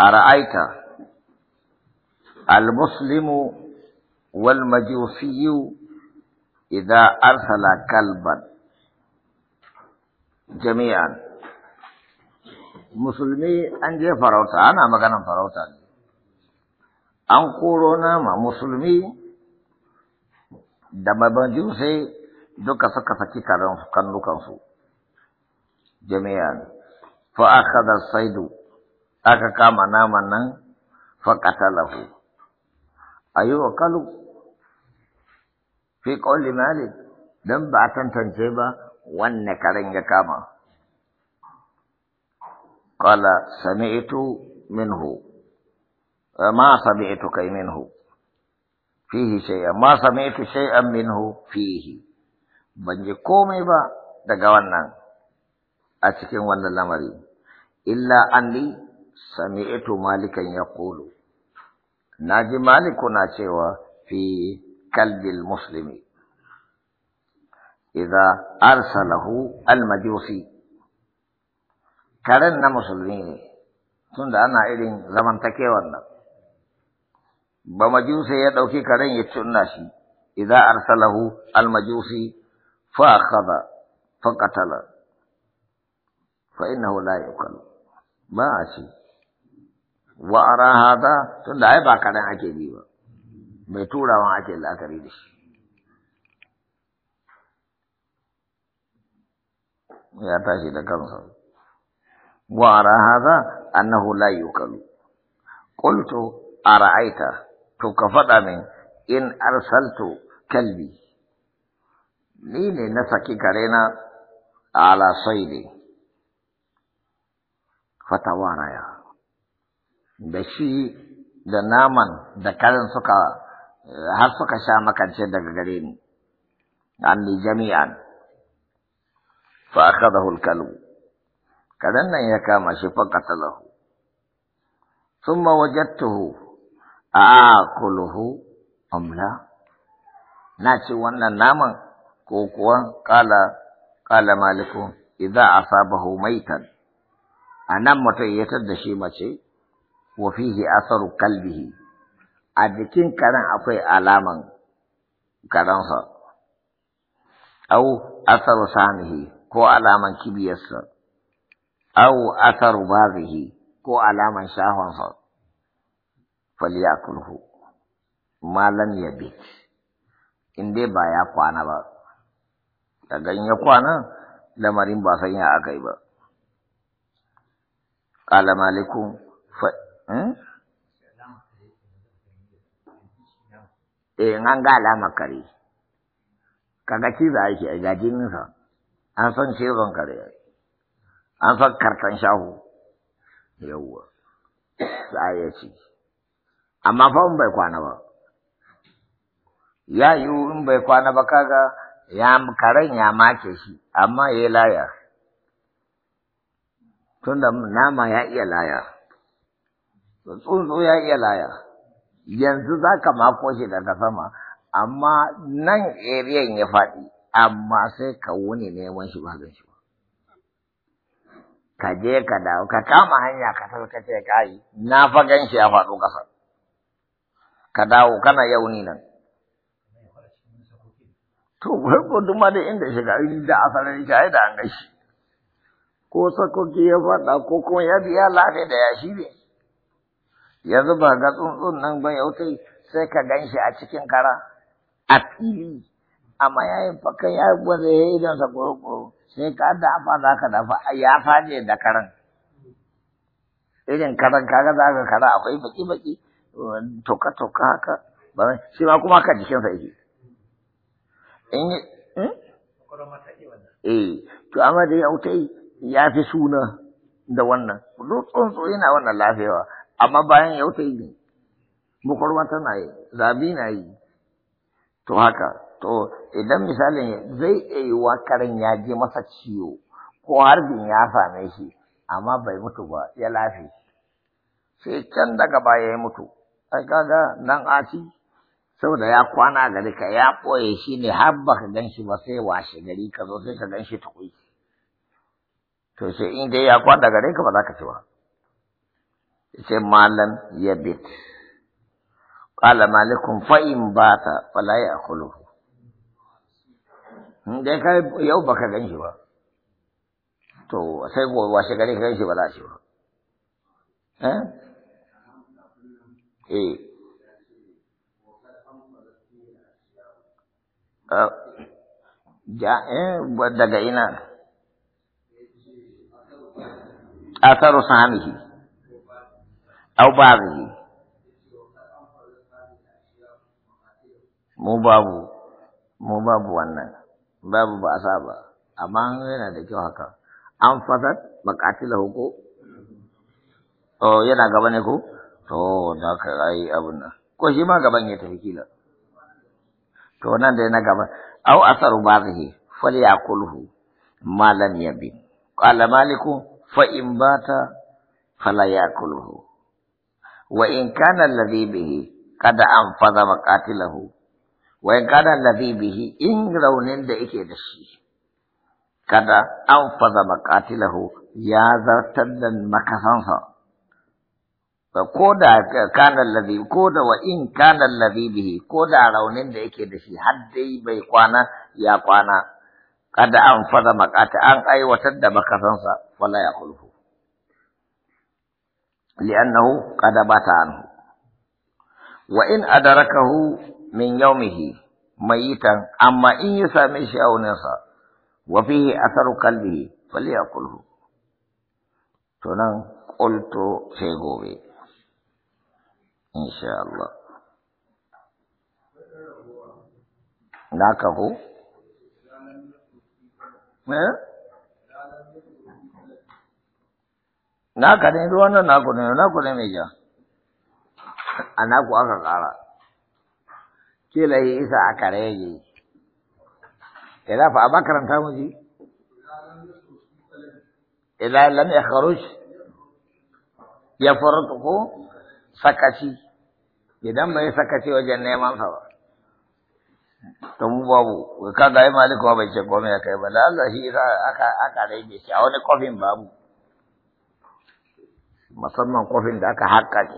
أرأيت المسلم والمجوسي إذا أرسل كلبا جميعا مسلمي أنجي فروتا أنا ما كان فروتا أن ما مسلمي دم مجوسي دوكا سكا سكي كارون كان جميعا فأخذ الصيد aka kama naman nan faƙatalahu a yi wa kalu fi ƙoli malik don ba a tantance ba wanne karen ya kama qala sami'tu minhu eh, ma sami'tu kai minhu fihi shay'an ma sami'tu shay'an minhu fihi ban ji komai ba daga wannan a cikin wannan lamari illa anni sami'tu malikan yaqulu naji maliku na cewa fi kalbil muslimi idza arsalahu al almajusi karen na musulmi ne tunda ana irin zamantakewar nan ba majusi ya ɗauki karen ya cunna shi idza arsalahu al almajusi fa akhadha fa qatala fa innahu la yuqal ba a ce وارا هذا ته لای با کړه اچي دی مې ټوړه وا اچي لا کړی دی یا تاسو دا کوم وارا هذا انه لا يقل قلت ارايت تو كفدا من ان ارسلت كلبي مين نفكي كارينا على صيدي فتوارا يا da shi da naman da karin suka har suka sha makance daga gare ni anni jami'an fa akhadahu al-kalb kadan nan ya kama shi fa qatalahu thumma wajadtuhu aakuluhu amla na ce wannan naman ko kuwa kala kala maliku idza asabahu maitan nan mutum ya da shi mace wa fihi asaru kalbihi a jikin karen akwai alaman karensa au asaru samihi ko alaman kibiyarsa au asaru bazihi ko alaman shahonsa falyakulhu malam ya bi in ba ya kwana ba daga ya kwana lamarin ba san ya aka yi ba قال Hmm? Eh, an ga alama kare. Kaga cizo ake ga jininsa, an san cizon kare, an san kartan shahu, yawwa, za a iya Amma fa in bai kwana ba, ya yiwu in bai kwana ba kaga ya karen ya make shi, amma ya laya, tunda nama ya iya laya. tsuntsu ya iya laya yanzu za ka mako shi daga sama amma nan eriyan ya faɗi amma sai ka wuni neman shi ba shi ka je ka dawo ka kama hanya ka ce ka ce kai na fa gan shi ya faɗo ƙasa ka dawo kana yauni nan to ko duk da inda shiga da asalin shi da an gashi ko sakoki ya faɗa ko kuma ya biya lafiya da yashi ne yanzu ba ga tsuntsun nan ba yautai sai ka gan shi a cikin kara a fili amma yi fakan ya gwaza ya yi idansa kuro sai ka dafa za ka dafa ya faje da karan irin karan kaga za ka kara akwai baki baki toka toka haka ba shi ma kuma ka jikinsa yake in yi hmm? eh to amma da yautai ya fi suna da wannan duk tsuntsu yana wannan lafiyawa amma bayan ya wuce ne bukurwa tana yi zabi na yi to haka to idan misalin zai iya wa karin ya je masa ciwo ko harbin ya same shi amma bai mutu ba ya lafi sai can daga baya ya mutu ai kaga nan aci saboda ya kwana gari ka ya ɓoye shi ne har ba ka gan shi ba sai washe gari ka zo sai ka gan shi tukui to sai in dai ya kwana gari ka ba za ka ci ba سے مالن یا بیت قال مالکم فائم باتا فلا یا خلو دیکھا ہے یو بکر گنی شوا تو اسے کو واشی کرنی گنی شوا لا شوا جا إيه بدا گئینا اثر و سامی ہی au babu mu babu mu babu wannan babu ba a saba amma yana da kyau haka an fasad makatila ko oh yana gaba ne ko to da ka yi abin nan ko shi ma gaban ya tafi kila to nan dai na gaba au asaru bazihi falyakulhu ma lam yabi qala maliku fa in bata fala yakulhu وإن كان الذي به قد أنفذ مقاتله وإن كان الذي به إن رونين دئكي دشي قد أنفذ مقاتله يا ذرتدن مكثنها فقودا كان الذي قودا وإن كان الذي به قودا رونين دئكي دشي حدي بيقوانا يا قوانا قد أنفذ مقاتل أن أي وتد مكثنها فلا يقوله لأنه قد بات عنه وإن أدركه من يومه ميتا أما إن يسامي أو نصا وفيه أثر قلبه فليأكله تنان قلت سيغوبي إن شاء الله ناكه ما naka ne ruwan nan naku ne naku ne mai ja a naku aka kara ke lai isa aka rage ke za fa a makaranta muji ila lam ya kharuj ya faratu sakaci idan bai sakaci wajen neman sa ba to mu babu kaga ai malikuwa bai ce komai kai ba lalla shi aka aka rage shi a wani kofin babu musamman kofin da aka haƙa